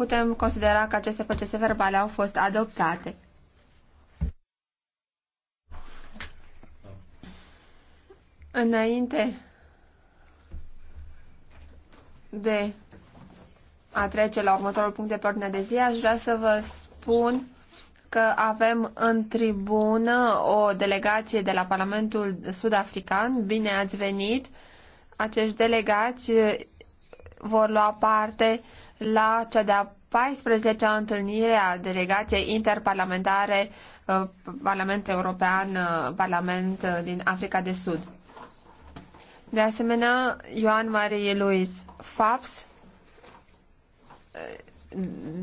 putem considera că aceste procese verbale au fost adoptate. Înainte de a trece la următorul punct de pe ordine de zi, aș vrea să vă spun că avem în tribună o delegație de la Parlamentul Sud-African. Bine ați venit! Acești delegați vor lua parte la cea de-a 14-a întâlnire a delegației interparlamentare uh, Parlament European, uh, Parlament uh, din Africa de Sud. De asemenea, Ioan Marie Luis Faps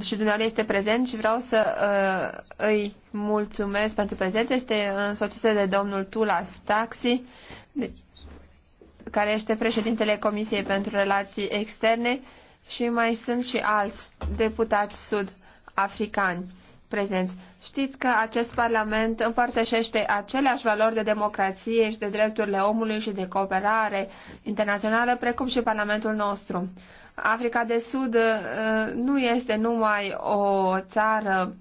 și dumneavoastră este prezent și vreau să uh, îi mulțumesc pentru prezență. Este însoțită de domnul Tulas Taxi, deci, care este președintele Comisiei pentru Relații Externe, și mai sunt și alți deputați sud-africani prezenți. Știți că acest Parlament împărtășește aceleași valori de democrație și de drepturile omului și de cooperare internațională, precum și Parlamentul nostru. Africa de Sud uh, nu este numai o țară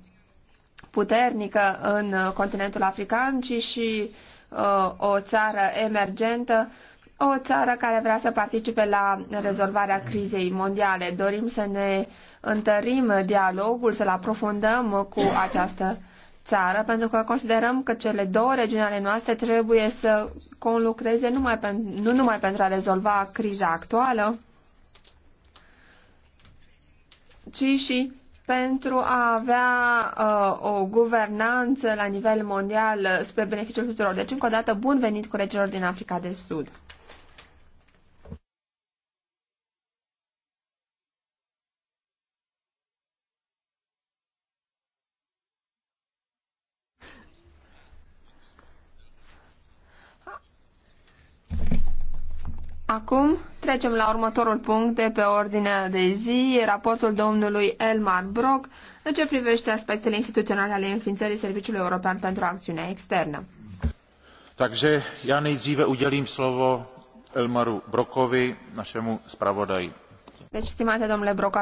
puternică în continentul african, ci și uh, o țară emergentă o țară care vrea să participe la rezolvarea crizei mondiale. Dorim să ne întărim dialogul, să-l aprofundăm cu această țară, pentru că considerăm că cele două regiuni ale noastre trebuie să conlucreze numai pe, nu numai pentru a rezolva criza actuală, ci și pentru a avea uh, o guvernanță la nivel mondial spre beneficiul tuturor. Deci, încă o dată, bun venit colegilor din Africa de Sud. Acum trecem la următorul punct de pe ordinea de zi, raportul domnului Elmar Brock în ce privește aspectele instituționale ale înființării Serviciului European pentru Acțiunea Externă. Takže já nejdříve udělím slovo Elmaru Brokovi, našemu zpravodaji. Deci, stimate domnule Brock,